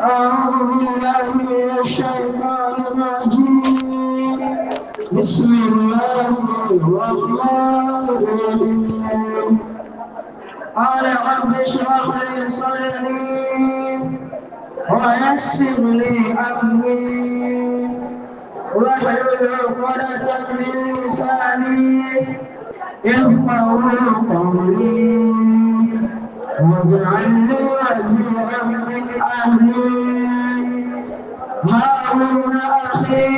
أعوذ من الشيطان الرجيم بسم الله الرحمن الرحيم قال رب اشرح لي صدري ويسر لي أمري واحلل عقدة من لساني يفقهوا قولي واجعلني وزيرا من أهلي هارون أخي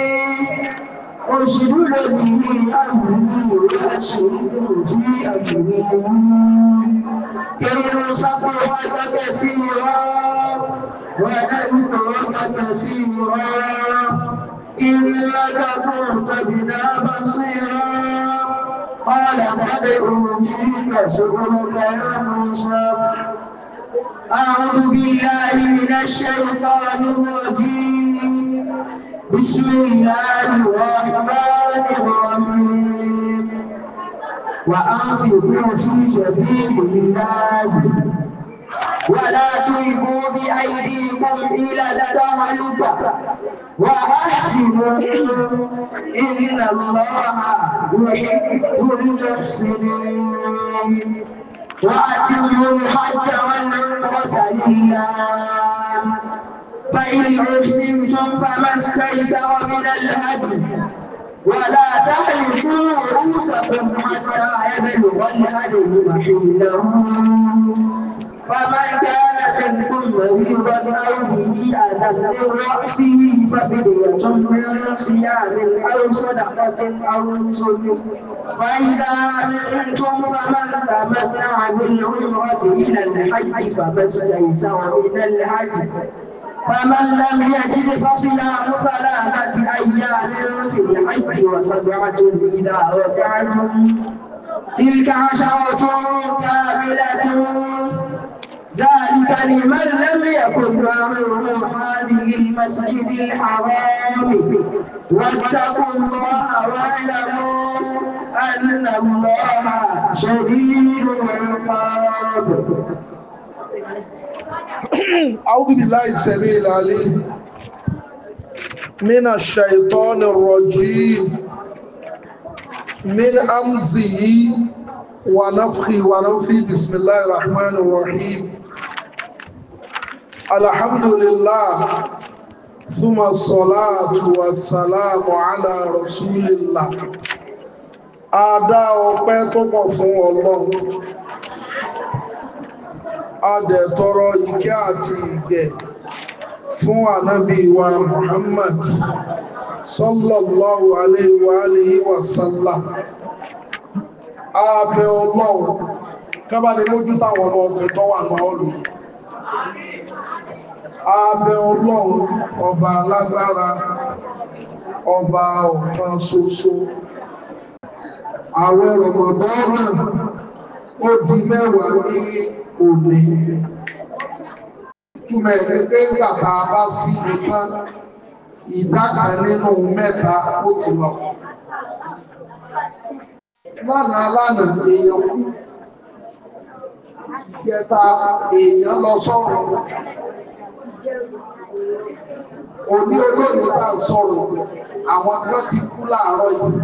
اشد به أزري واشد في أمري كي نصبحك كثيرا ونذكرك كثيرا إنك كنت بنا بصيرا قال فادعوا فيك سبلك يا موسى أعوذ بالله من الشيطان الرجيم بسم الله الرحمن الرحيم وأنفقوا في سبيل الله ولا تلقوا بأيديكم إلى التهلكة وأحسنوا إن الله يحب المحسنين وأتموا الحج والعمرة لله فإن أحسنتم فما استيسر من الهدي ولا تحلقوا رؤوسكم حتى يبلغ الهدي محله فمن كان مريضا او به اذى من راسه ففدية من صيام او صدقة او نسك فإذا أمنتم فمن تمتع بالعمرة إلى الحج فما استيسر من الحج فمن لم يجد فصيام ثلاثة أيام في الحج وسبعة إذا رجعتم تلك عشرة كاملة يعني من لم يكن عن هذه المسجد الحرام واتقوا الله واعلموا أن الله شديد العقاب أعوذ بالله السميع العليم من الشيطان الرجيم من أمزه ونفخه ونفخه بسم الله الرحمن الرحيم alhamdulillah thumma salatu wa salamu ala rasulillah adá ọpẹ́ tó pọ̀ fún ọlọ́run adẹ̀tọrọ ìkẹ́ àti ìgẹ̀ fún ànábì wa muhammad sallallahu alayhi wa alihi wa sallam abẹ ọlọ́run kábàlẹ̀ mójútàwọn ọmọ ọkùnrin tó wà náà olùyẹ abẹ ọlọ́run ọba alágbára ọba ọ̀kan ṣoṣo ààrẹ rọmọdọ́nà ó di mẹ́wàá ní òní túmọ̀ ẹ̀rí pé bàbá bá sí nìkan ìdá kan nínú mẹ́ta ó ti lọ lánàá lánàá èèyàn kú ìjẹta èèyàn lọ sọ̀rọ̀ òní olóòlù tá à ń sọ̀rọ̀ àwọn kan ti kú láàárọ̀ yìí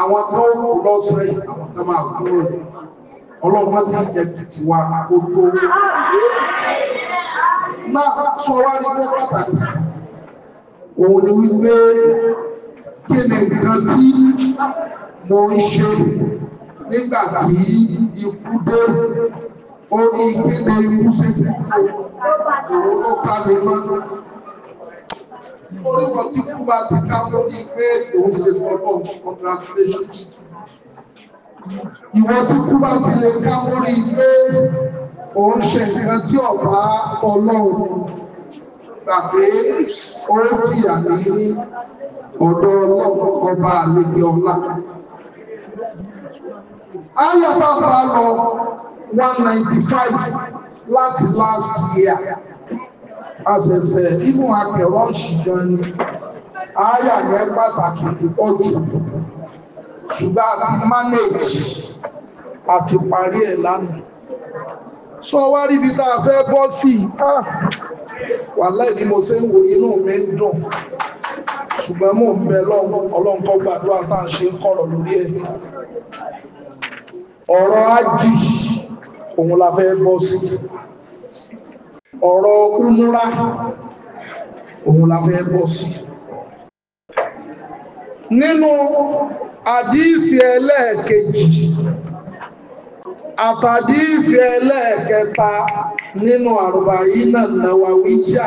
àwọn kan ó kú lọ́sàn yìí àwọn kan máa kú lónìí ọlọ́mọ tí ìjẹ tuntun wa kó tó. náà sọ wá kó pàtàkì òun ni wípé kí ni nǹkan tí mo ń ṣe nígbà tí ikú dé orí ìgbẹ́gbẹ́ ikú ṣe kúrò òun ló ká mi mọ́. Orí tí kú bá ti ká lórí pé òun ṣe fọlọ́ congratulations. Ìwọ tí kú bá ti lè ká lórí pé òun ṣe nǹkan tí ọ̀bá ọlọ́run gbàgbé òun jìyà ní ọ̀dọ̀ ọlọ́run ọba àlejò ọ̀la. Ayọ̀ bá bá lọ one ninety five láti last year àṣẹ̀ṣẹ̀ inú akẹ̀rọ̀ ṣùgbọ́n ni àyà yẹn pàtàkì púpọ̀ jù ṣùgbọ́n a ti manage àti parí ẹ̀ lánàá sọ wá rí ibi tá a fẹ́ bọ́ sí ah! wàhálà ìdí mo ṣe ń wo inú mi ń dùn ṣùgbọ́n mò ń bẹ ọlọ́run kó gbàdúrà tá à ń ṣe ń kọ̀rọ̀ lórí ẹ̀ ọ̀rọ̀ ajì òun la fẹ́ bọ́ sí ọ̀rọ̀ umura òun la fẹ́ bọ́ sí nínú àdíìsì ẹlẹ́ẹ̀kejì àtàdíìsì ẹlẹ́ẹ̀kẹta nínú àrùbà yìí náà náwà wíjà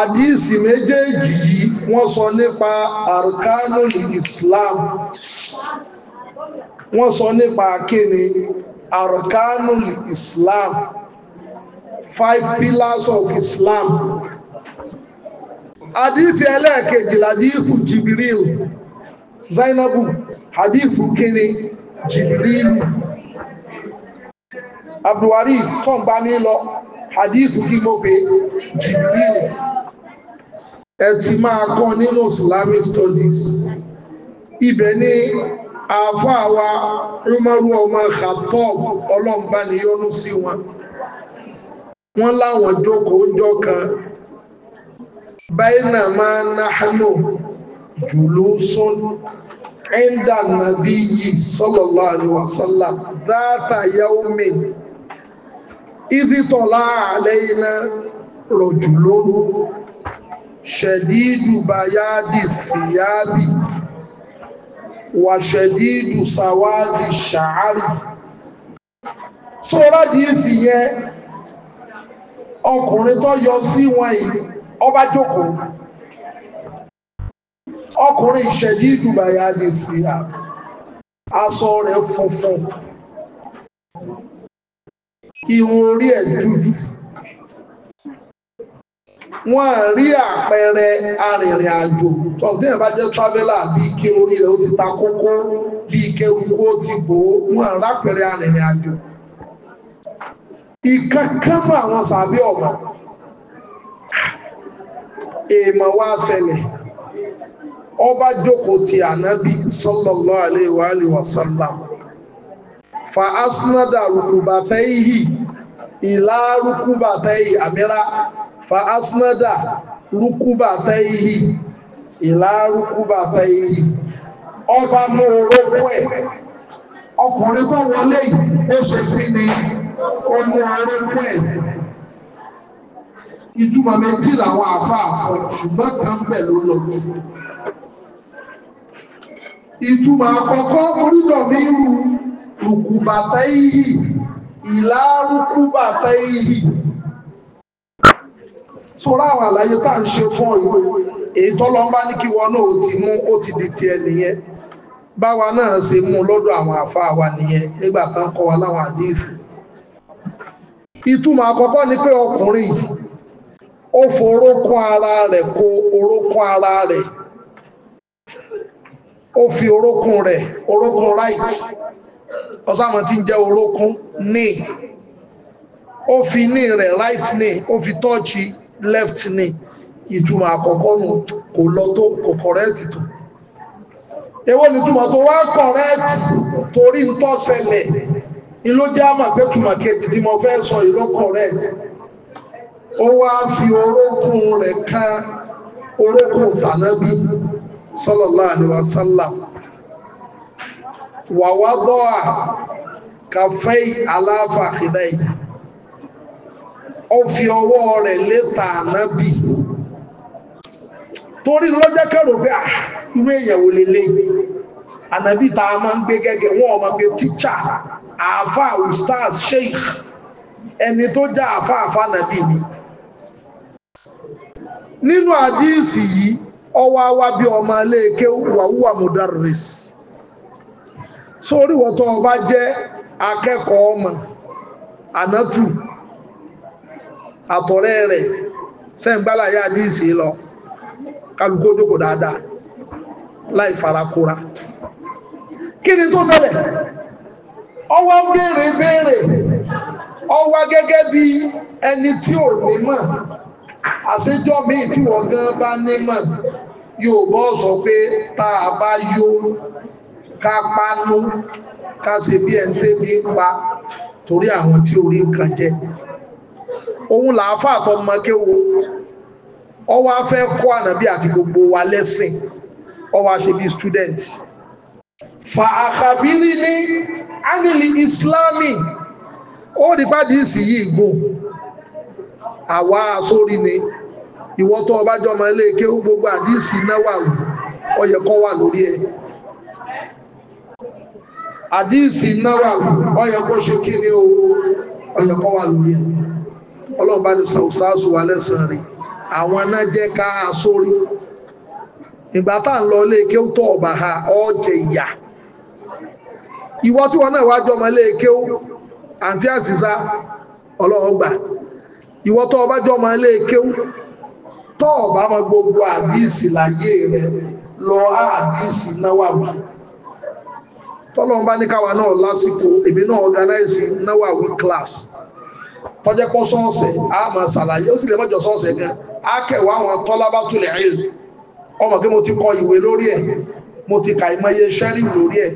àdíìsì méjèèjì yìí wọ́n sọ nípa àrùkánù Islam wọ́n sọ nípa kíni arkanul Islam five pillars of Islam àdífì ẹlẹ́ẹ̀kejì làdífù Jibril Zainabu àdífù kíni Jibril Abdulwari fọ́nbá ní lọ àdífù kí mo pè Jibril ẹ ti máa kọ́ nínú Islamic studies ibẹ̀ ni àáfàá wa Umaru ọmọ Khattab ọlọ́mbà ni yọ́nú sí wọn wọ́n láwọn jókòó jọ kan báyìí máa nahnu julusun inda nabiyyi sallallahu alaihi wasallam dhata yawmin iditola alayna rajulun shadidu bayadi siyabi wàṣẹ̀dídù sàwádìí ṣàárì sọ́ra di ìfì yẹn ọkùnrin tó yọ sí wọn yìí ọba jókòó ọkùnrin ìṣẹ̀dídù bàyà lè fi hà aṣọ rẹ̀ funfun irun orí ẹ̀ dúdú. wọ́n rí àpẹẹrẹ arìnrìn àjò tọ́sílẹ̀ bá jẹ́ traveller bí ike orí rẹ̀ ó ti ta kókó bí ike orúkọ ó ti bò ó rápẹẹrẹ ìkankan mọ àwọn sàbí ọmọ wá ọba jókòó ti fa ìlà fa asnada rúkúbà tẹ́yìí ìlà rúkúbà tẹ́yìí ọba mú orókó ẹ̀ ọkùnrin bá wọlé yìí ó ṣe kí ni ó mú orókó ẹ̀ ìtumọ̀ méjì làwọn àfáàfọ́ ṣùgbọ́n kan bẹ̀ ló lọ ìtumọ̀ àkọ́kọ́ orídọ̀ mi rú rùkùbàtà iyì ìlà rùkùbàtà iyì sọ́rọ́ àwọn àlàyé tá à ń ṣe fún ìwé èyí tọ́lọ́mbá ní kí wọn náà ó ti mú ó ti di tiẹ̀ nìyẹn báwa náà ṣe mú lọ́dọ̀ àwọn àfáà wa nìyẹn nígbà kan kọ́ wa láwọn àdéhùn ìtumọ̀ àkọ́kọ́ ni pé ọkùnrin ó forókún ara rẹ̀ kó orókún ara rẹ̀ ó fi orókún rẹ̀ orókún right ọ̀sáwọn tí ń jẹ́ orókún ní ó fi ní rẹ̀ right ní ó fi tọ́ọ̀chì left ni ìtumọ̀ àkọ́kọ́ nù kò lọ tó kò correct tó èwo ni túmọ̀ tó wá correct torí ń tọ́ ṣẹlẹ̀ ìlú jáàmà pé túmọ̀ kejì tí mo fẹ́ sọ ìlú correct ó wá fi orókùn rẹ̀ ká orókùn tànábí sallallahu alaihi wasallam wàwádọ́à kàfẹ́ aláfàkìdáyìí ó fi ọwọ́ rẹ̀ létà ànábì torí lọ́jọ́ kẹrò pé ah, irú èèyàn wò lélẹ́yìn ànábì tá a máa ń gbé gẹ́gẹ́ wọn ọmọ gbé tíṣà àáfà ustaz sheikh ẹni tó já àáfà àáfà ànábì ni nínú àdíìsì yìí ọwọ́ awa bí ọmọ aléèké wàhùwà mudarris sórí wọ́tọ̀ ọba jẹ́ akẹ́kọ̀ọ́ ọmọ ànátù àtọ̀rẹ́ rẹ̀ sẹ́ǹgbálà yá àdíìsì lọ kálukú ojókòó dáadáa láì farakóra kí ni tó ṣẹlẹ̀ ọwọ́ béèrè béèrè ọwọ́ gẹ́gẹ́ bí ẹni tí ò ní mọ̀ àṣejọ́ míì tí wọ́n gan bá ní mọ̀ yóò bọ́ sọ pé tá a bá yó ká pánú ká ṣe bí ẹni tẹ́ bí pa torí àwọn tí orí nǹkan jẹ òun làáfà àtọmọké wo ọwọ́ afẹ́ kọ́ ànábì àti gbogbo wa lẹ́sìn ọwọ́ aṣe bíi student fa àkàbírí ní ánìlì Islami, ó rí pàdé ìsì yìí gùn àwa sórí ni ìwọ tó ọba jọmọ ilé o gbogbo àdìsí náà wà ọyẹ kọ wà lórí ẹ àdìsí náà wà ọyẹ kó ṣe kí ni o ọyẹ kọ wà lórí ẹ ọlọ́run bá ní sàùsáàsù wa lẹ́sàn rẹ̀ àwọn náà jẹ́ ká a sórí ìgbà ń lọ ilé kí ó tọ́ ọ̀bà ha ọ̀jẹ̀ ìyà ìwọ tí wọn náà wá jọmọ ilé kí ó àǹtí àṣìṣà ọlọ́run gbà ìwọ tó ọba jọmọ ilé kí ó tọ́ ọ̀bà mọ gbogbo àbíìsì láyé rẹ lọ àbíìsì náwà wà tọ́lọ́run ní káwa náà lásìkò èmi náà organize náwà wí class tọ́jẹ́ pọ́ sọ́ọ̀sẹ̀ a máa ṣàlàyé ó sì lè mọ́jọ sọ́ọ̀sẹ̀ gan a kẹwàá àwọn tọ́lábátulẹ̀ ìl ọmọ pé mo ti kọ ìwé lórí ẹ̀ mo ti kà ìmọye sẹ́rí lórí ẹ̀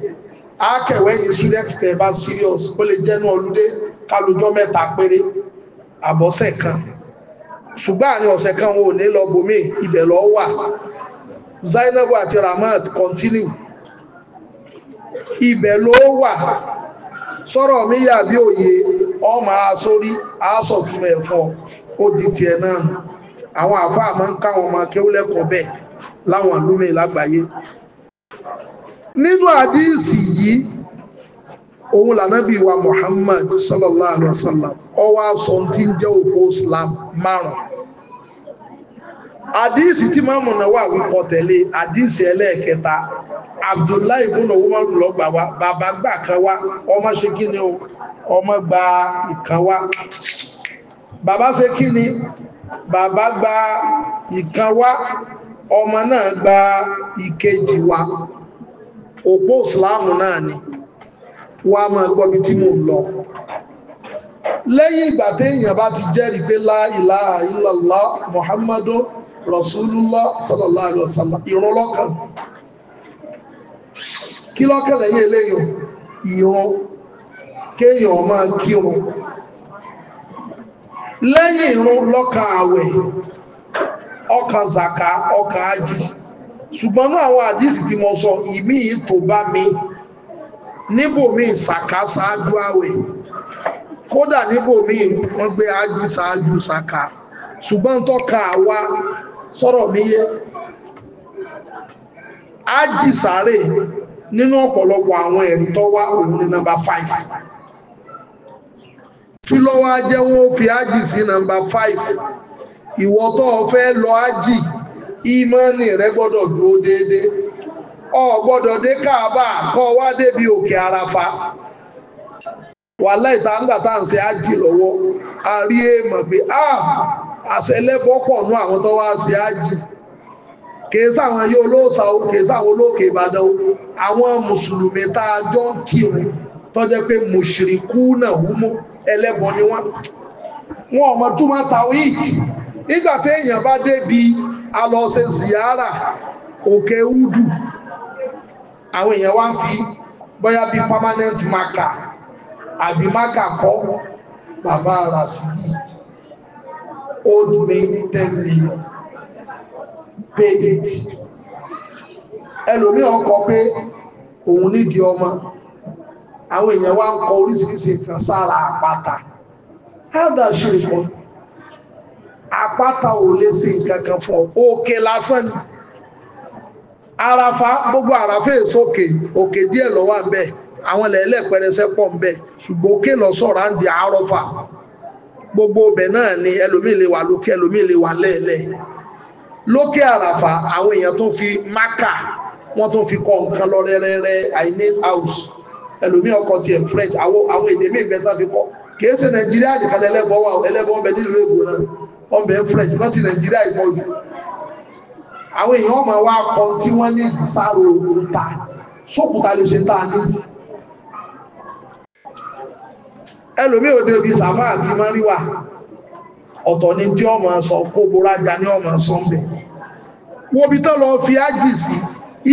a kẹwàá ẹ̀yìn student tẹ̀ bá serious ó lè jẹ́nu ọlúdé kálujọ́ mẹ́ta péré àbọ̀sẹ̀ kan ṣùgbọ́n àárín ọ̀sẹ̀ kan wọn ò ní lọ bòmí ibẹ̀ lọ wà Zainabu àti Ramat continue ibẹ̀ ló wà sọ̀rọ̀ mi yà bí òye ọ ọmọ asórí aṣọ ìtumọ̀ ẹ̀fọ́ ó di tiẹ̀ náà àwọn àfáà máa ń káwọn ọmọ akéwọ́ lẹ́kọ̀ọ́ bẹ́ẹ̀ láwọn àlúmẹ̀ lágbàáyé nínú àdíìsì yìí òun lànàbí wa Muhammad sallallahu alaihi wasallam ọwọ́ aṣọ tí ń jẹ́ òpó Islam márùn àdíìsì tí máa mọ̀nà wà wípọ̀ tẹ̀lé àdíìsì ẹlẹ́ẹ̀kẹta Abdullahi ibùnà Umaru lọ́gbà wa bàbá gbà kan wá ọmọ ṣe kí ni o ọmọ gba ìkan wá bàbá ṣe kí ni bàbá gba ìkan wá ọmọ náà gba ìkejì wá òpó ìsìláàmù náà ni wọ́n á máa gbọ́ bí tí mò ń lọ lẹ́yìn ìgbà téèyàn bá ti jẹ́rìí pé la ilaha illallah Rasulullah sallallahu alaihi wasallam ìrún lọ́kàn kí lọ́kàn lẹ́yìn eléyìí ìrún kéèyàn máa kí o lẹ́yìn ìrún lọ́kàn àwẹ̀ ọkàn zaka ọkàn ájì ṣùgbọ́n náà àwọn àdísì tí mo sọ ìmí tó bá mi níbòmí ìsàká ṣáájú àwẹ̀ kódà níbòmí wọ́n gbé ájì ṣáájú ṣàkà ṣùgbọ́n tọ́ka àwa sọ̀rọ̀ mi yé ájì sáré nínú ọ̀pọ̀lọpọ̀ àwọn ẹ̀rí tó wá òun ní nọ́mbà five kí ló wá jẹ́ wọ́n fi sí nọ́mbà five ìwọ tó o fẹ́ lọ ájì ìmọ̀ọ́nì rẹ gbọ́dọ̀ dúró déédéé ọ gbọ́dọ̀ dé káàbà kọ́ wá débi òkè àràfà wàhálà ìta ńgbà tá à ń ṣe ájì lọ́wọ́ a rí èèmọ̀ pé ah àṣẹlẹ́bọ́ pọ̀ ní àwọn tó wá sí ájì kìí sáwọn yóò lóòsà ó kìí sáwọn olóòkè ìbàdàn ó àwọn mùsùlùmí tá a jọ ń kírun tó jẹ́ pé mùṣìríkù náà húmọ́ ẹlẹ́bọ ni wọ́n wọn ọmọ tó máa ta òyìn nígbà tí èèyàn bá débi alọ́ọ̀ṣẹ́ ziyara òkè údù àwọn èèyàn wá ń fi bóyá bí permanent marker àbí marker kọ́ bàbá rà sí yìí owed me ten million pay it ẹlòmíì ọkọ pé òun nídìí ọmọ àwọn èèyàn wa ń kọ oríṣiríṣi nǹkan sára àpáta elder ṣèkọ àpáta ò lè ṣe nǹkan kan fún ọ òkè lásán ni àràfà gbogbo àràfà èso òkè òkè díẹ̀ ló wà ń bẹ àwọn ilẹ̀ ẹlẹ́pẹrẹsẹ pọ̀ ń bẹ ṣùgbọ́n òkè lọ sọ̀rọ̀ à ń di àárọ̀ fà gbogbo ibẹ̀ náà ni ẹlòmíì lè wà lókè ẹlòmíì lè wà lẹ́ẹ̀lẹ́ lókè àràfà àwọn èèyàn tó fi máka wọ́n tó fi kọ́ nǹkan lọ rẹ́rẹ́rẹ́ i need house ẹlòmíì ọkọ̀ tiẹ̀ french àwọn èdè míì bẹ́ẹ̀ tán fi kọ́ kìí ṣe nàìjíríà nìkan ẹlẹ́bọ̀ wà ẹlẹ́bọ̀ ọbẹ̀ nílùú ègbò náà ọbẹ̀ french wọ́n ti nàìjíríà ìbọn jù àwọn èèyàn ọmọ wa kọ tí wọ́n ní sáré òkúta sókúta lè ṣe tá a nídìí ẹlòmí òde òbí sàfà àti mọ́ríwà ọ̀tọ̀ ni tí ọmọ sọ kó boraja ní ọmọ sọ́mbẹ̀ wọ́n bí tán lọ fi ájì sí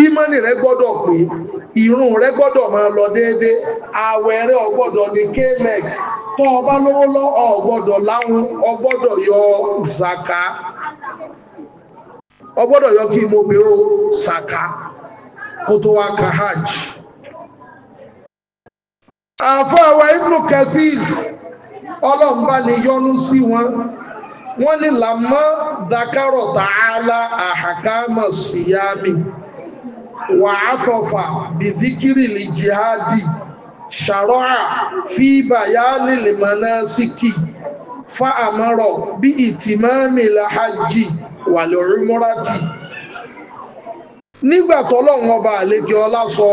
ìmọ̀nì rẹ gbọ́dọ̀ pé ìrun rẹ gbọ́dọ̀ máa lọ déédéé àwẹ̀ rẹ ọgbọ́dọ̀ ní klec tó ọba lówó lọ ọgbọ́dọ̀ láwọn ọgbọ́dọ̀ yọ zaka ọgbọ́dọ̀ yọ kí mo gbèrò zaka kó tó wá ka hajj àfọwọ́ ibnu kathir ọlọ́mbà ni yọnu sí wọn wọ́n ní làmọ́ dakarọ̀ tààlà àhàkámọ̀ síyámi wà átọ̀fà bìdíkìrì lè jihadi ṣàrọ́à fi bàyá nílè mọ́ná síkì fa àmọ́rọ̀ bí ìtìmọ́mì làhájì wà lórí múrátì nígbà tọ́lọ́run ọba àlejò ọlá sọ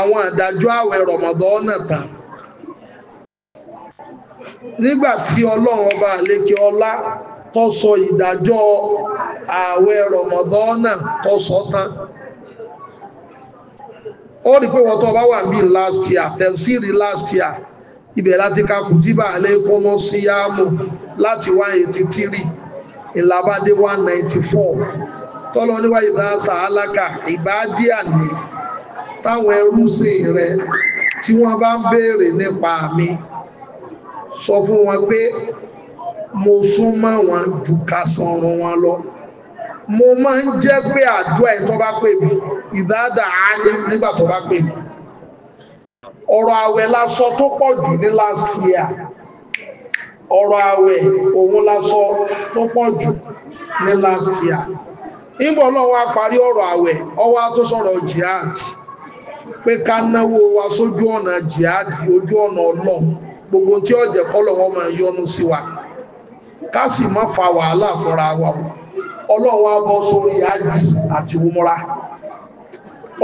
àwọn àdájọ́ àwẹ̀ rọ̀mọ̀dọ́ náà tán nígbà tí ọlọ́run ọba àlékè ọlá tó sọ ìdájọ́ àwẹ̀ rọ̀mọ̀dọ́ náà tó sọ tán ó rí pé wọ́n tó bá wà ní last year tẹ̀síìrì last year ibẹ̀ láti ka kùtìbà àlékún mọ́ sí yáàmù láti one ìlàbádé one tọ́lọ́ níwáyé bá sàálákà ìbádìí àná táwọn ẹrúsìn rẹ tí wọ́n bá ń béèrè nípa mi sọ fún wọn pé mo súnmọ́ wọn jù ká sanrun wọn lọ mo máa ń jẹ́ pé àdúrà ẹ̀ tó bá pè mí ìdáàdà á ní nígbà tó bá pè mí ọ̀rọ̀ àwẹ̀ la sọ tó pọ̀ jù ní last year ọ̀rọ̀ àwẹ̀ òun la tó pọ̀ jù ní last year nígbà ọlọ́run parí ọ̀rọ̀ àwẹ̀ ọwọ́ á jihad pé ká náwó wa sójú ọ̀nà jihadi ojú ọ̀nà ọlọ́run gbogbo tí ọ̀jẹ̀ kọ́lọ̀ wọn máa yọnu sí wa ká sì má fa wàhálà fúnra wa ọlọ́run wa sórí ájì àti umura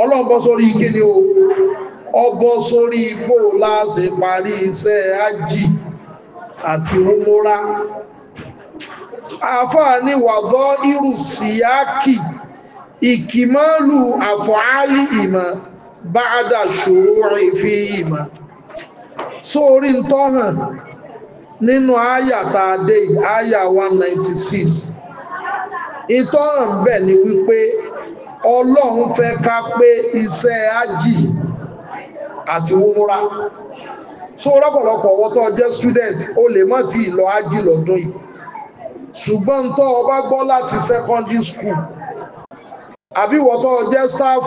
ọlọ́run bọ́ sórí ni o ọbọ̀ sórí igbó láàṣẹ parí iṣẹ́ ájì àti umura àfáà ní wàgọ́ irú síyáàkì ìkìmọ́lù àfọ̀álì ìmọ̀ báadà ṣòro fi ìmọ̀ sórí tọ́hàn nínú àyàtà adé àyà 196 ìtọ́hàn bẹ̀ ni wípé ọlọ́run fẹ́ ká pé iṣẹ́ ájì àti wúmúra so rọ́pọ̀lọpọ̀ ọwọ́ tó jẹ́ student o lè má ti lọ ájì lọ́dún yìí ṣùgbọ́n tó o gbọ́ láti secondary school àbí wọ́n tó jẹ́ staff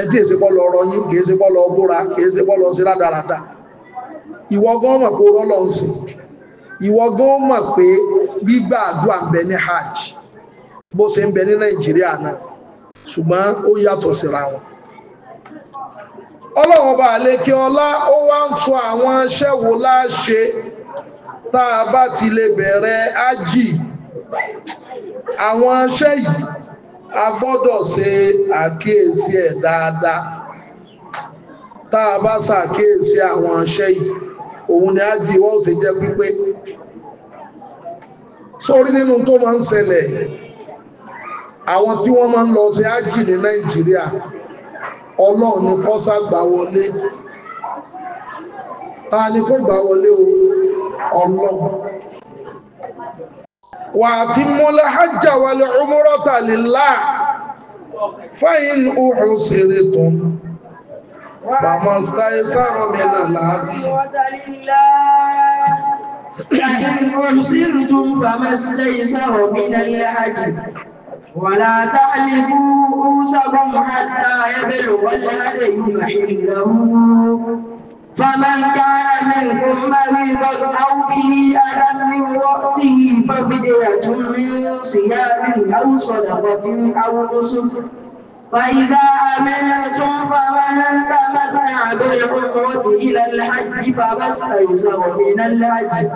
ẹ̀dí èsèpọ̀lọ̀ ọrọ yín kìí ṣepọ̀lọ̀ ọgbóra kìí ṣepọ̀lọ̀ sí rádaràdà ìwọ gan mọ̀ pé lọ ìwọ pé gbígbà àdúrà ń bẹ hajj bó ṣe ń bẹ ní nàìjíríà náà ṣùgbọ́n ó yàtọ̀ wọn ọba ọlá ó wá ń tún àwọn iṣẹ́ wo tá a bá ti a gbọ́dọ̀ ṣe àkíyèsí ẹ̀ dáadáa tá a bá ṣàkíyèsí àwọn iṣẹ́ yìí òun ni ájì wọ́n ò sì jẹ́ pípé sórí nínú tó máa ń ṣẹlẹ̀ àwọn tí wọ́n máa ń lọ sí ájì ní Nàìjíríà Ọlọ́run ni kó ṣàgbà wọlé ta ni kó gbà wọlé o Ọlọ́run وأتموا الحج والعمرة لله فإن أحصرتم فما استيسر من الهدي فإن فما استيسر من الهدي ولا تعلقوا رؤوسكم حتى يبلغ الهدي محله فمن كان منكم مريضا أو به أذى من رأسه ففدية من صيام أو صدقة أو رسل فإذا أمنتم فمن تمتع بالعمرة إلى الحج فما استيسر من الحج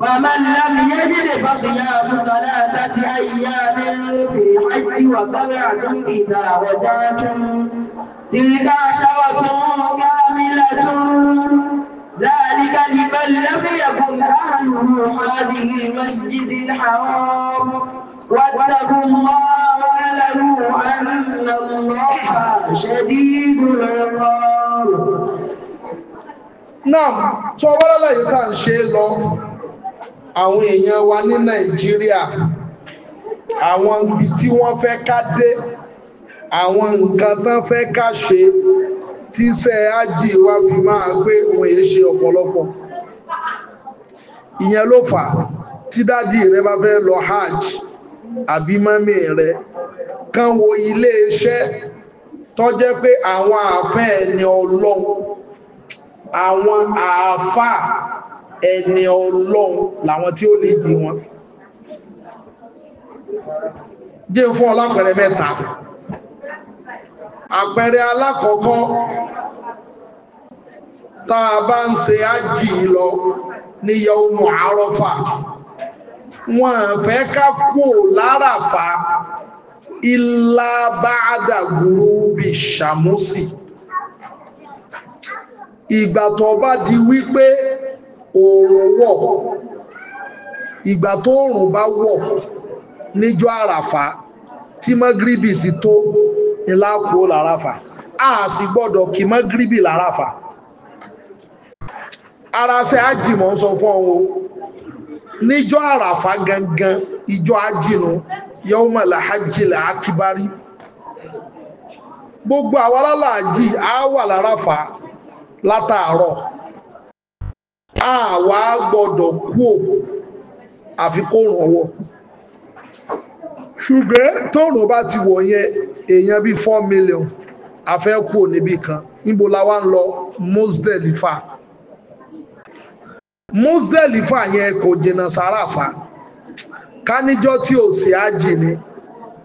فمن لم يجد فصيام ثلاثة أيام في الحج وسبعة إذا رجعتم تلك عشرة كاملة ذلك لمن لم يكن أهله هذه المسجد الحرام واتقوا الله واعلموا أن الله شديد العقاب náà tó wọ́lọ́lọ́ yìí tá à ń ṣe lọ àwọn èèyàn wa ní nàìjíríà àwọn ibi tí wọ́n fẹ́ ká dé àwọn nǹkan tán fẹ́ ká ṣe tíṣẹ́ ájì wa fi máa gbé òun èyí ṣe ọ̀pọ̀lọpọ̀ ìyẹn ló fà tí dádì rẹ bá fẹ́ lọ hajj àbí mọ́mí rẹ kán wo ilé iṣẹ́ tó jẹ́ pé àwọn àfẹ́ ẹni ọlọ́run àwọn àáfà ẹni ọlọ́run làwọn tí ó lè gbé wọn jẹ́ fún ọlápẹ̀rẹ̀ mẹ́ta àpẹẹrẹ alákọ̀ọ́kọ́ tá a bá ń ṣe ájì lọ ní yọmù àrọ́fà wọn fẹ́ ká kú láràfà ilá bá dàgbùrú bí ṣàmúsì ìgbà tó bá di wípé oòrùn wọ̀ ìgbà tó oòrùn bá wọ̀ níjọ́ àràfà tí mọ́gíríbì ti tó ńlá kúrò làràfà a sì gbọ́dọ̀ kí mọ́gíríbì làràfà ara ṣe ájìmọ̀ ń sọ fún ọ níjọ́ àràfà gangan ìjọ́ ájìnú yọ́mọ̀ làájìlẹ̀ akíbárí gbogbo àwọn alálàájì á wà làràfà látàárọ̀ a wà gbọ́dọ̀ kú àfikún ọwọ́ ṣùgbọ́n tóòrùn bá ti wọ̀ yẹn èèyàn bíi four million afẹ́ kú níbì kan níbo la wá ń lọ Muzdelifa Muzdelifa yẹn kò jìnnà sáráfà káníjọ́ tí ò sí ájì ni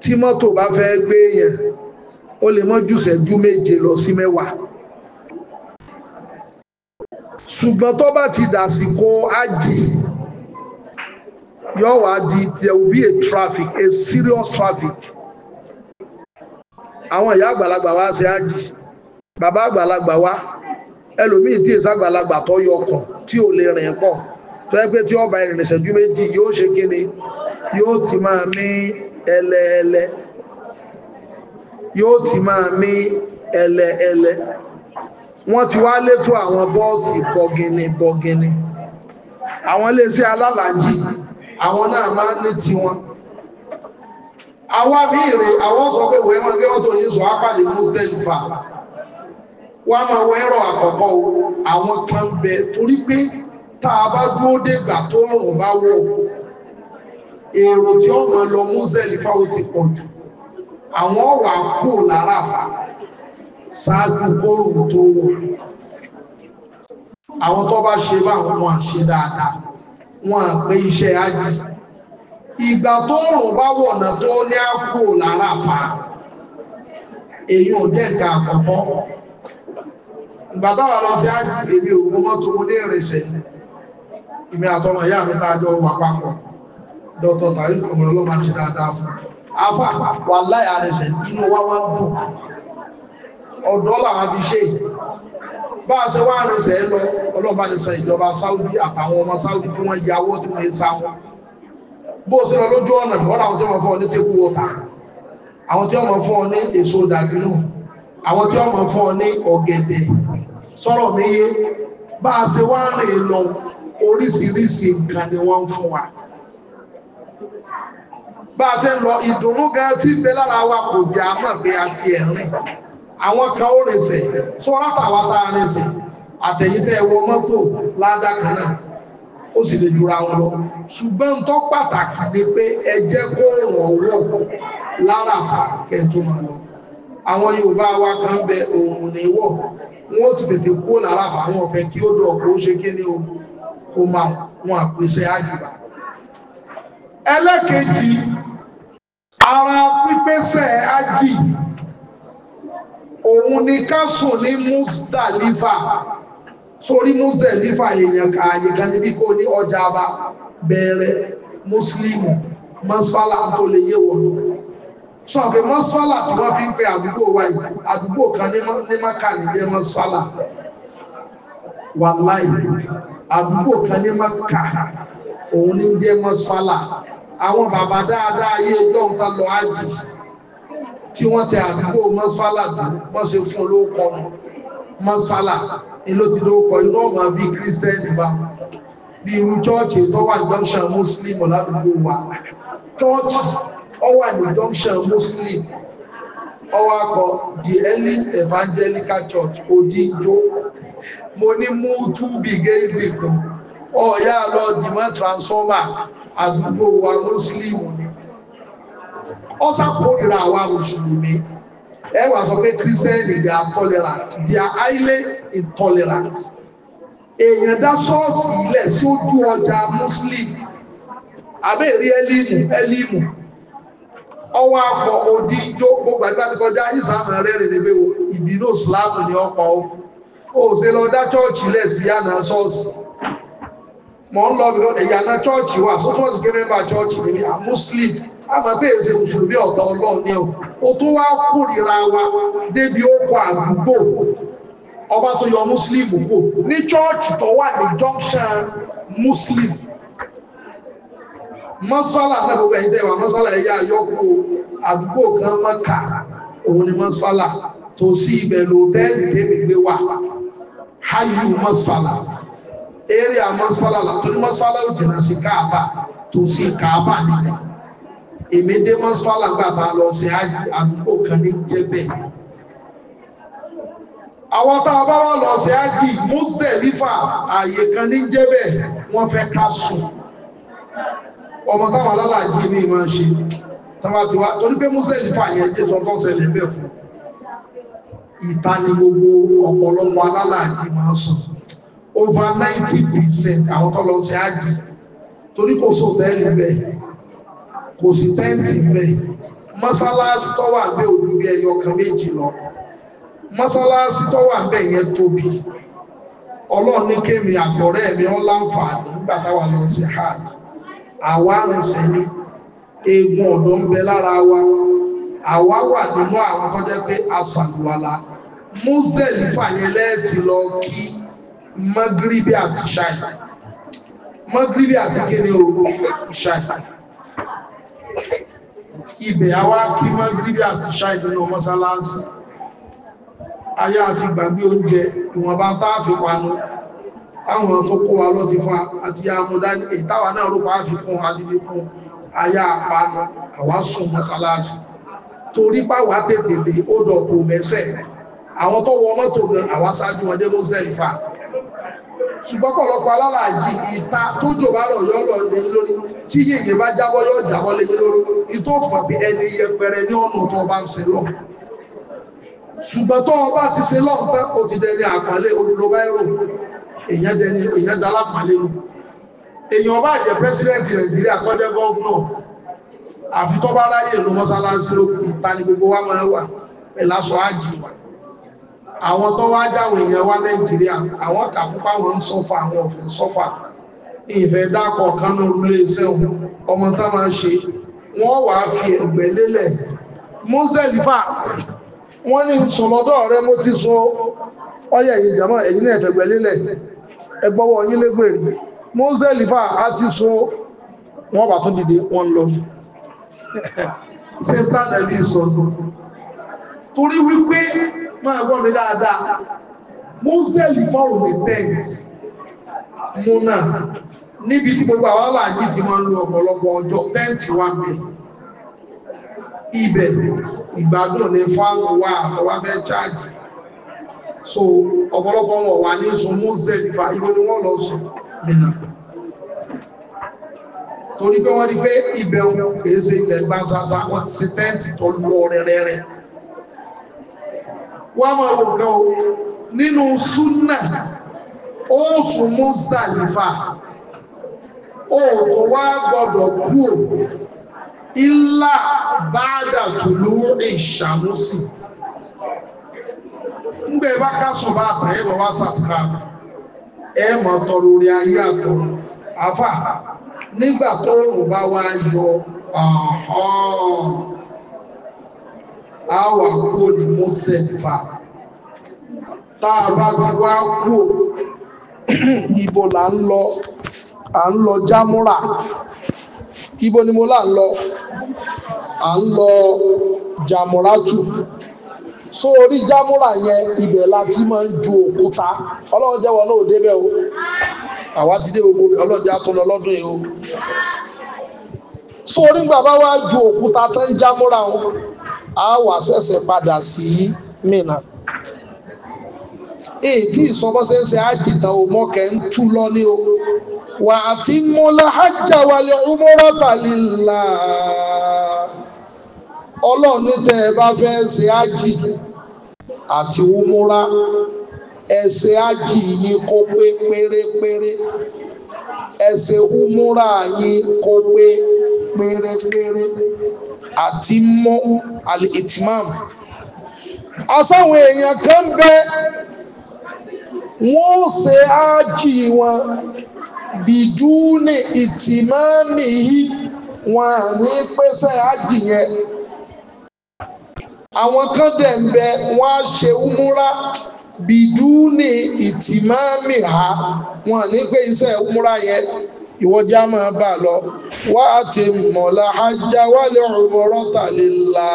tí mọ́tò bá fẹ́ gbé yẹn ó lè mọ́ ju méje lọ sí mẹ́wàá ṣùgbọ́n tó bá ti dàsìkò ájì. Your wá there will be a traffic a serious traffic àwọn ìyá àgbàlagbà wa ṣe ájì bàbá àgbàlagbà wa ẹlòmíì tí èsì àgbàlagbà tó yọ ọkàn tí ò lè rìn pọ̀ tó yẹ pé tí ọba ìrìn ìṣẹ́jú méjì yóò ṣe kí ni yóò ti máa mí ẹlẹ́ẹlẹ́ yóò ti máa mí ẹlẹ́ẹlẹ́ wọ́n ti wá létò àwọn bọ́ọ̀sì bọ̀gìnì àwọn iléeṣẹ́ alálàájì àwọn náà máa ń ní tiwọn àwa bí ìrè àwọn sọ pé wẹ́ẹ́ wọn gbé wọn tó yín sọ apáde muslim fa wọn máa wọ ẹ̀rọ àkọ́kọ́ o àwọn kan bẹ torí pé tá a bá dúró dégbà tó rùn bá wọ èrò tí wọn máa lọ muslim fa ó ti pọ̀ jù àwọn wà kó lára fa ṣáájú kóòrùn tó wọ àwọn tó bá ṣe báwọn wọn ṣe dáadáa. wọn àpé iṣẹ́ ájì ìgbà tó rùn bá wọ̀nà tó ní àpò lára fa èyí ò dẹ́ka àkọ́kọ́ ìgbà táwà lọ sí ájì èmi ògùn mọ́tò dị ní ìrìnsẹ̀ ìmì àtọmọ ìyá mi tájọ wà papọ̀ ló máa ń ṣe dáadáa fún afa wà láyà inú wa wá dùn ọ̀dọ́ làwọn fi ṣe yìí bá a ṣe wá àrẹsẹ̀ lọ ọlọ́ba ti sọ ìjọba Saudi àtàwọn ọmọ Saudi tí wọ́n yàwó tí wọ́n sá wọn bó o ṣe lọ lójú ọ̀nà ìbọ́lá àwọn tí wọ́n fọ́ ọ ní tẹ́kù ọ̀tà àwọn tí wọ́n mọ̀ fún ọ ní èso dàbínú àwọn tí wọ́n mọ̀ fún ọ ní ọ̀gẹ̀dẹ̀ sọ̀rọ̀ mi yé bá a ṣe wá rìn lọ oríṣiríṣi nǹkan ni wọ́n ń fún wa bá a ṣe ń lọ ìdùnnú gan tí ń bẹ lára wa kò jẹ́ àmọ́ bí a ti ẹ̀ rìn àwọn kan ó rìnsẹ̀ sọ́ra tàwa tá a rìnsẹ̀ àtẹ̀yìntẹ̀ ẹ̀wọ̀ mọ́tò ládàkà náà ó sì lè jura wọn lọ ṣùgbọ́n tó pàtàkì ni pé ẹ jẹ́ kó ìrànwọ́ lára fà kẹ́tó máa lọ àwọn Yorùbá wa kan bẹ òun ní wọ̀ wọn ó ti tètè kó lára fà wọn fẹ́ kí ó dọ̀ kó ṣe kí o kó máa wọn àpèsè àjùbà ẹlẹ́kejì ara pípẹ́sẹ̀ ájì òun ni ká sùn ní Musdalifa sórí Musdalifa èèyàn kààyè kan níbi kò ní ọjà bá bẹ̀rẹ̀ mùsùlùmù mọ́sálà tó lè yé wọn sọ pé mọ́sálà tí wọ́n fi ń pe àdúgbò wa yìí àdúgbò kan ní maka nìyẹn mọ́sálà wàláì àdúgbò kan ní maka òun ní jẹ́ mọ́sálà àwọn bàbá dáadáa yé lọ́hùn tán lọ tí wọ́n tẹ àdúgbò mọ́sálà wọ́n ṣe fún lóókọ mọ́sálà ìlú ti lóókọ inú ọ̀mà bíi kírísítẹ́nì bá bí irú chọ́ọ̀chì tó wà ní junction muslim ládùúgbò wa chọ́ọ̀chì ó wà ní junction muslim ó wá the early evangelical church odinjo mo ní mútu bìgẹ́ẹ̀dì kan ọ̀ọ́yá lọ dìmọ́ transformer àdúgbò wa muslim ọ̀sà kórìíra àwa mùsùlùmí ẹ wàá sọ pé kírísítẹ́nì they are tolerant they are highly intolerant èèyàn dá ṣọ́ọ̀ṣì ilẹ̀ sí ojú ọjà muslim àbẹ́ẹ̀rí ẹlímù ẹlímù ọwọ́ akọ odi ijó gbogbo àgbàdo kọjá ìsàmù rẹ̀rìn níbẹ̀ ìbínú ìsìlámù ní ọ̀pọ̀ o ṣe lọ dá ṣọ́ọ̀ṣì ilẹ̀ sí yànà ṣọ́ọ̀ṣì mọ̀ ń lọ bí ẹ̀yànà ṣọ́ọ̀ṣì wà sọ́tọ́ọ̀sì kẹ́mẹ́bà ṣọ́ọ̀ṣì níbi à muslim àmọ́ pé èsè mùsùlùmí ọ̀dọ́ ọlọ́run ni ọ o tún wá kórìíra wa débi oko àdúgbò ọba tó yọ mùsùlùmí kò ní chọ́ọ̀chì tó wà ní junction muslim mọ́sálà náà gbogbo ẹ̀yìn tẹ́wà mọ́sálà ẹ̀yà yọkù àdúgbò kan mọ́kà òun ni mọ́sálà tó sí ibẹ̀ lòtẹ́ẹ̀lì débi gbé wà hayu mọ́sálà eré àmọ́sálà làtọ́ ní mọ́sálà ò jìnnà sí káàbà tó sí káàbà nílẹ̀ èmi dé mọ́sálà ń bàbá lọ sí àdúgbò kan ní jẹ́bẹ̀. àwọn tá a bá wà lọ sí ájì Mùsdẹ̀lífà ààyè kan ní jẹ́bẹ̀ wọ́n fẹ́ ká sùn ọmọ táwọn alálàájì ní ìmọ̀ ṣe táwọn ti wá torí pé Mùsdẹ̀lífà yẹn jẹ́ sọ tó ń ṣẹlẹ̀ bẹ́ẹ̀ fún ìta ni gbogbo ọ̀pọ̀lọpọ̀ alálàájì máa sùn over ninety percent àwọn tó lọ sí ájì torí kò sóòtẹ́ẹ̀lì bẹ́ẹ̀ kò sí tẹ́ǹtì bẹ́ẹ̀ mọ́sálásí tó wà bẹ́ẹ̀ ojú bí ẹyọ kan méjì lọ mọ́sálásí tó wà bẹ́ẹ̀ yẹn tóbi ọlọ́run ní kémi àgbọ̀rẹ́ mi ọ́n láǹfààní nígbà táwa lọ sí hajj àwa rìnsẹ̀ ni eegun ọ̀dọ́ ń bẹ lára wa àwa wà nínú àwọn tó jẹ́ pé asàlùwàlà musdel fàyẹlẹ́ ti lọ kí mọ́gíríbì àti ṣáì mọ́gíríbì àti kéde òru ṣáì ibẹ̀ awa kí mọ́gírídì àti ṣáì nínú mọ́sálásí ayé àti gbàgbé oúnjẹ ìwọ̀nba táàfi panu táwọn tó kó wa lọ́ti fa àti àmúdájú ìtawà náà ló pa àfikún àdídíkún ayé àpanu àwa sùn mọ́sálásí torí páwà tètè dé ó dọ̀kọ̀ mẹ́sẹ̀ àwọn tó wọ mọ́tò gan àwa ṣáájú wọn dé ló sẹ́ ìfà ṣùgbọ́n pọ̀lọpọ̀ alára yìí ìta tó jò bá rọ̀ yọ lọ lé lórí tí yèyè bá jábọ́ yọ jábọ́ lé lórí ìtò fọ̀bí ẹni yẹpẹrẹ ní ọ̀nà tó bá ń ṣe lọ. ṣùgbọ́n tó o bá ti ṣe lọ́ọ̀pẹ́ o ti dẹni àpọ́nlé olùlọ́wọ́ ẹ̀rọ èèyàn dẹni èèyàn dá lápàlẹ́ lọ. èèyàn bá jẹ pẹ́sidẹ́ǹtì nàìjíríà kọjá gọ́ọ̀nù àfi tó bá ráyè lọ mọ́sálásí lókùn ta ni gbogbo wa máa wà ẹ̀ lásọ̀ ájì wà àwọn tó wá jáwọ èèyàn wá nàìjíríà àwọn kàkúpá wọn ń sọfà àwọn òfin sọfà ìfẹ́ dákọ̀ kánú ilé iṣẹ́ ọmọ tá máa ṣe wọ́n wà á fi ẹ̀gbẹ́ lélẹ̀ mọ́sẹ̀lífà wọ́n ní sọ̀lọ́dọ̀ rẹ mo ti sọ ọyẹ yìí jàmọ́ ẹ̀yìn náà ẹ̀fẹ̀gbẹ́ lélẹ̀ ẹgbọ́wọ́ yín légbè mọ́sẹ̀lífà á ti sọ wọ́n bá tún dìde wọ́n lọ sẹ́ńtà nàbí sọ torí wípé máa gbọ́ mi dáadáa mọ́sẹ̀lì fọ́ọ̀rù ní tẹ́ǹtì múnà níbi tí gbogbo àwọn aláàjì ti máa ń lo ọ̀pọ̀lọpọ̀ ọjọ́ tẹ́ǹtì wà mí ibẹ̀ ìgbádùn ní fáwọn wa àtọwà bẹ́ẹ̀ chájì so ọ̀pọ̀lọpọ̀ wọn wà ní sun mọ́sẹ̀lì fa ìwé ni wọ́n lọ sùn nínú torí pé wọ́n rí pé ibẹ̀ kèése ilẹ̀ gbáǹsásá wọ́n ti ṣe tẹ́ǹtì tó lọ rẹ̀rẹ̀rẹ̀ wọ́n máa wò o nínú súnà oṣù mùsàlìfà òkò wá gbọdọ̀ kú o ilá bàdà tùlú ìṣàmúsì ńgbẹ bá kásùn bá àtàn ẹ bọ wá sàṣìkà ẹ mọ tọrọ orí ayé àtọ àfà nígbà tó òrùn bá wá yọ ọhún a wà kúrò ní mustapha tá a bá ti wá kúrò ibo là ń lọ à ń lọ jámúrà ibo ni mo là ń lọ à ń lọ jàmúrátù so orí jámúrà yẹn ibẹ̀ la ti máa ń ju òkúta ọlọ́run jẹ́wọ́ náà ò débẹ̀ o àwa ti dé gbogbo ọlọ́run jẹ́ àtúnlọ lọ́dún yìí o so orí gbàgbá wa ju òkúta tó ń jámúrà o. a wà ṣẹ̀ṣẹ̀ padà sí mìíràn ètí ìsọmọsẹsẹ àjìdá òmọkẹ ń tú lọ ní o wà á ti múlá hajjá wàlẹ umrata lillah Ọlọ́run ní tẹ́ ẹ bá fẹ́ ṣe àti umura ẹsẹ̀ ájì yìí kó pé pérépéré ẹsẹ̀ pérépéré àti mú al-itmam asáwọn èèyàn kan bẹ wọn ó ṣe ájì wọn bìjú ní ìtìmáàmì yìí wọn à ní pèsè ájì yẹn àwọn kan dẹ̀ ń bẹ wọn á ṣe úmúra bìjú ní ha wọn ní pé iṣẹ́ úmúra yẹn. ìwọ́jà máa bà lọ wá àti mọ̀lá ajá wálé ọ̀rọ̀mọ̀rọ̀ tàlélà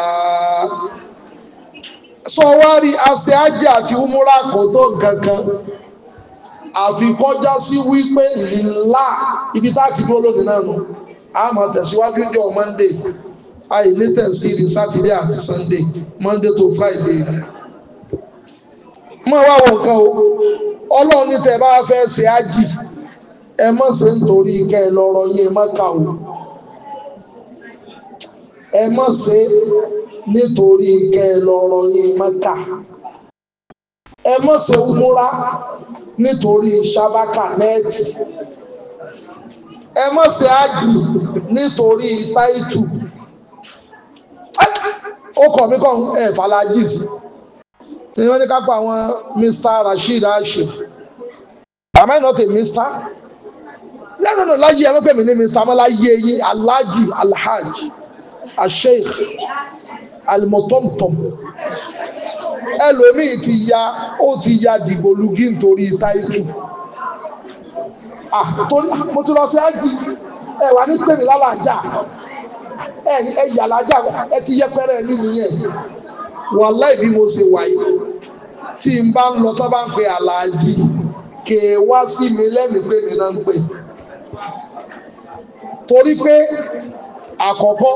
sọ wá rí àṣẹ ajá àti umura kò tó gangan Àfikọjá kọjá sí wípé lílá ibi tá a ti dúró lónìí náà nù a máa tẹ̀síwájú jọ monday àìní tẹ̀síìrì sátidé àti sunday monday to friday mọ̀ wá wọ̀ nǹkan o ọlọ́run ní tẹ̀ bá fẹ́ ṣe ájì ẹ má ṣe nítorí ká ẹ lọ́rọ̀ yín ẹ má kà ó ẹ má ṣe nítorí ká ẹ lọ́rọ̀ yín ẹ má kà ẹ má ṣe múra nítorí sábàkà nẹ́ẹ̀tì ẹ má ṣe ájì nítorí táìtù ó kọ̀ mí kàn ẹ̀ fàlájìsì ni wọ́n ní ká pa àwọn Mr. Rasheed Ashe am I not a Mr lẹ́nu láyé ẹ mẹ́pẹ́ mi ní mi sàmọ́ láyé yín alhaji alhaji asheikh alimotomtom ẹlòmíì ti ya ó ti ya dìgbòlugi nítorí táìtù àtòlí ah, mo ti lọ sí ájì ẹ wà ní pèmí lálàjà ẹ ẹ yà lájà ẹ ti yẹpẹrẹ ẹ nínú yẹn wàláì bí mo ṣe wáyé tí n bá ń lọ tó bá ń pe àlàájì kèé wá sí mi lẹ́mìí pé náà ń pè é torí pé àkọ́kọ́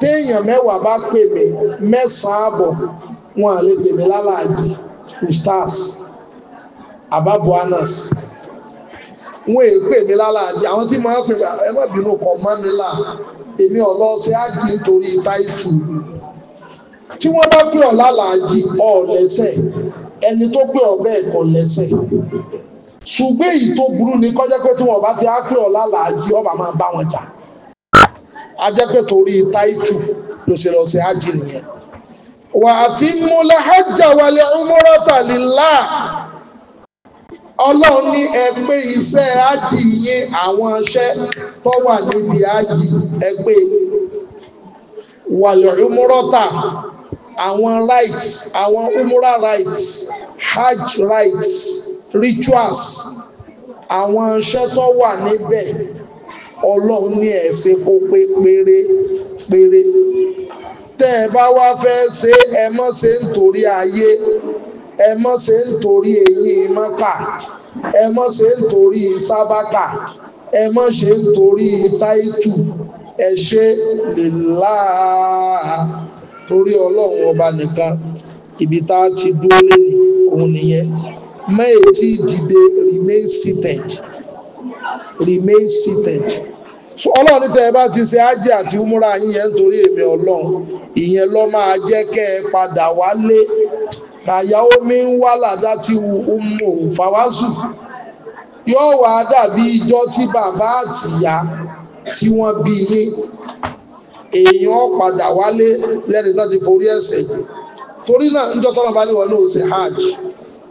téèyàn mẹ́wàá bá pè mí mẹ́sàn-án àbọ̀ wọn à lè pè mí lálàájì ustaz ababu anas wọn èè pè mí lálàájì àwọn tí màá pè mí ẹ má bínú kọ mọ́ mi là èmi ọlọ́ọ̀ṣẹ́ á kì í torí táìtù tí wọ́n bá pè ọ́ lálàájì ọ̀ lẹ́sẹ̀ ẹni tó pè ọ́ bẹ́ẹ̀ kọ́ lẹ́sẹ̀ ṣùgbọ́n èyí tó burú ni kọjá pé tí wọ́n bá ti á pè ọ́ lálàájì ọba máa bá wọn jà á jẹ́ pé torí táìtù lọ́sẹ̀lọ́sẹ̀ ájì nìyẹn wà á ti múlẹ̀ hajjá wàlẹ̀ umrata lillah ọlọ́run ní ẹ pé iṣẹ́ ájì yín àwọn iṣẹ́ tó wà níbi ájì ẹ pé wàlẹ̀ umrata àwọn rights, àwọn umrah rights, hajj rights, rituals àwọn iṣẹ́ tó wà níbẹ̀ ọlọ́run ní ẹ̀sìn kó pé péré péré tẹ́ ẹ bá wá fẹ́ ṣe ẹ mọ́ ṣe ń torí ayé ẹ mọ́ ṣe ń torí eyín mọ́kà ẹ mọ́ ṣe ń torí sábàkà ẹ mọ́ ṣe ń torí táìtù ẹ ṣe lè láàá torí ọlọ́run ọba nìkan ibi tá a ti dúró lẹ́yìn òun nìyẹn mẹ́ẹ̀ tí dìde remain seated remain seated so ọlọ́run níta ẹ bá ti ṣe ájì àti umura yín yẹn nítorí èmi ọlọ́run ìyẹn ló máa jẹ́ kẹ́ ẹ padà wálé kàyáwó mi ń wá làdá tí umu fàwásù yóò wá dàbí ijọ́ tí bàbá àtìyá tí wọ́n bí yín èèyàn padà wálé lẹ́ni tó ti forí ẹ̀ṣẹ̀ jù torí náà níjọ́ tọ́lọ́ bá ní náà ṣe hajj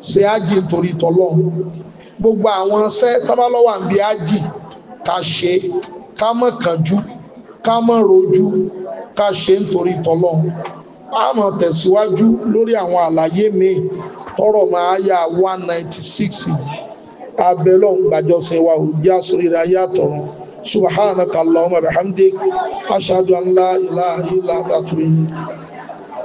ṣe hajj nítorí tọ́lọ́ gbogbo àwọn ṣẹ́ tábàlọ́wà ń bí hajj ká ṣe ká mọ̀ kánjú ká mọ̀ rojú ká ṣe nítorí tọ́lọ́ a máa tẹ̀síwájú lórí àwọn àlàyé mi tọrọ máa yá one ninety six abẹ́lọ́ gbàjọsìn wa ò jásórí ra yàtọ̀ subhanaka allahumma bihamdik ashhadu an la ilaha illa anta astaghfiruka